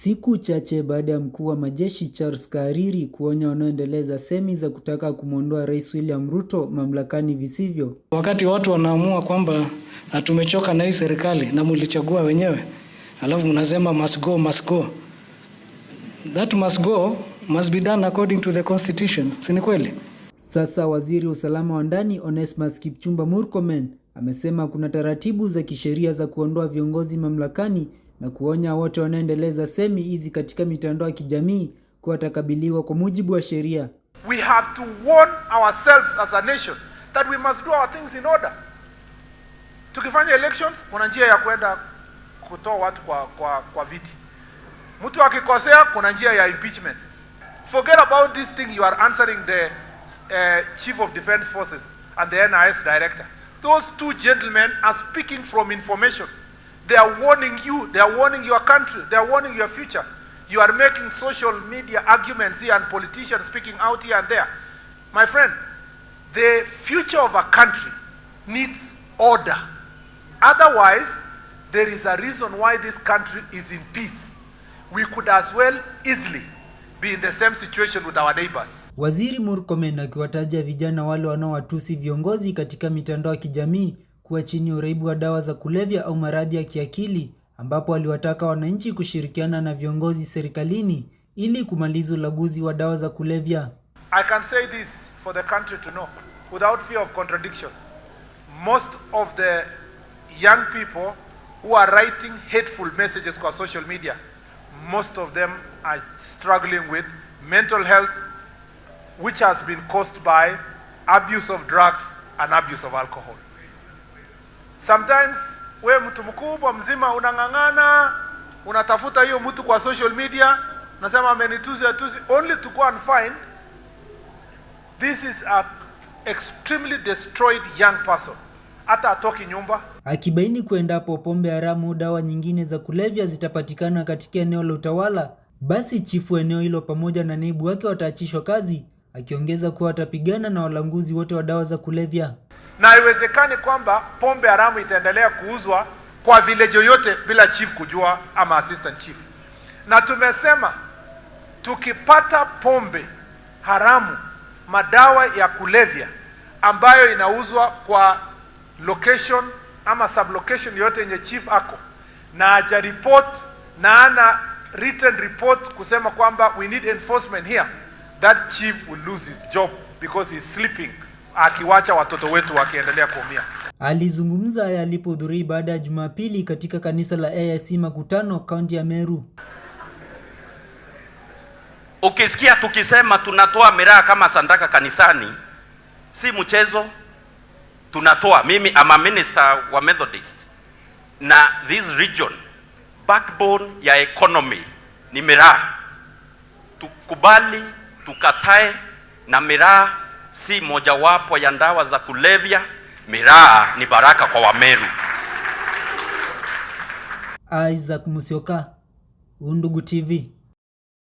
Siku chache baada ya mkuu wa majeshi Charles Kariri kuonya wanaoendeleza semi za kutaka kumwondoa Rais William Ruto mamlakani visivyo. Wakati watu wanaamua kwamba ah, tumechoka na hii serikali na mulichagua wenyewe, alafu mnasema must go, must go. That must go must be done according to the constitution. Si ni kweli? Sasa waziri wa usalama wa ndani Onesmus Kipchumba Murkomen amesema kuna taratibu za kisheria za kuondoa viongozi mamlakani na kuonya wote wanaendeleza semi hizi katika mitandao ya kijamii kuwa watakabiliwa kwa mujibu wa sheria. We have to warn ourselves as a nation that we must do our things in order. Tukifanya elections, kuna njia ya kwenda kutoa watu kwa kwa, kwa viti. Mtu akikosea, kuna njia ya impeachment. Forget about this thing you are answering the uh, Chief of Defense Forces and the NIS Director. Those two gentlemen are speaking from information. They are warning you, they are warning your country, they are warning your future. You are making social media arguments here and politicians speaking out here and there. My friend, the future of a country needs order. Otherwise, there is a reason why this country is in peace. We could as well easily be in the same situation with our neighbors. Waziri Murkomen akiwataja vijana wale wanaowatusi viongozi katika mitandao ya kijamii kuwa chini ya uraibu wa dawa za kulevya au maradhi ya kiakili ambapo aliwataka wananchi kushirikiana na viongozi serikalini ili kumaliza ulaguzi wa dawa za kulevya. I can say this for the country to know without fear of contradiction. Most of the young people who are writing hateful messages kwa social media, most of them are struggling with mental health which has been caused by abuse of drugs and abuse of alcohol. Sometimes we mtu mkubwa mzima unang'ang'ana, unatafuta hiyo mtu kwa social media, nasema amenituzi atuzi, only to go and find this is a extremely destroyed young person, hata atoki nyumba. Akibaini kuendapo pombe haramu, dawa nyingine za kulevya zitapatikana katika eneo la utawala, basi chifu eneo hilo pamoja na naibu wake wataachishwa kazi akiongeza kuwa atapigana na walanguzi wote wa dawa za kulevya na haiwezekani kwamba pombe haramu itaendelea kuuzwa kwa village yoyote bila chief kujua ama assistant chief. Na tumesema tukipata pombe haramu, madawa ya kulevya ambayo inauzwa kwa location ama sublocation yote yenye chief ako na aja report na ana written report kusema kwamba we need enforcement here that chief will lose his job because he's sleeping, akiwacha watoto wetu wakiendelea kuumia. Alizungumza yalipohudhuria baada ya Jumapili katika kanisa la AIC Makutano, kaunti ya Meru. Ukisikia tukisema tunatoa miraa kama sandaka kanisani, si mchezo. Tunatoa. Mimi ama minister wa Methodist na this region backbone ya economy ni miraa, tukubali tukatae, na miraa si mojawapo ya ndawa za kulevya. Miraa ni baraka kwa Wameru. Isaac musioka Undugu TV.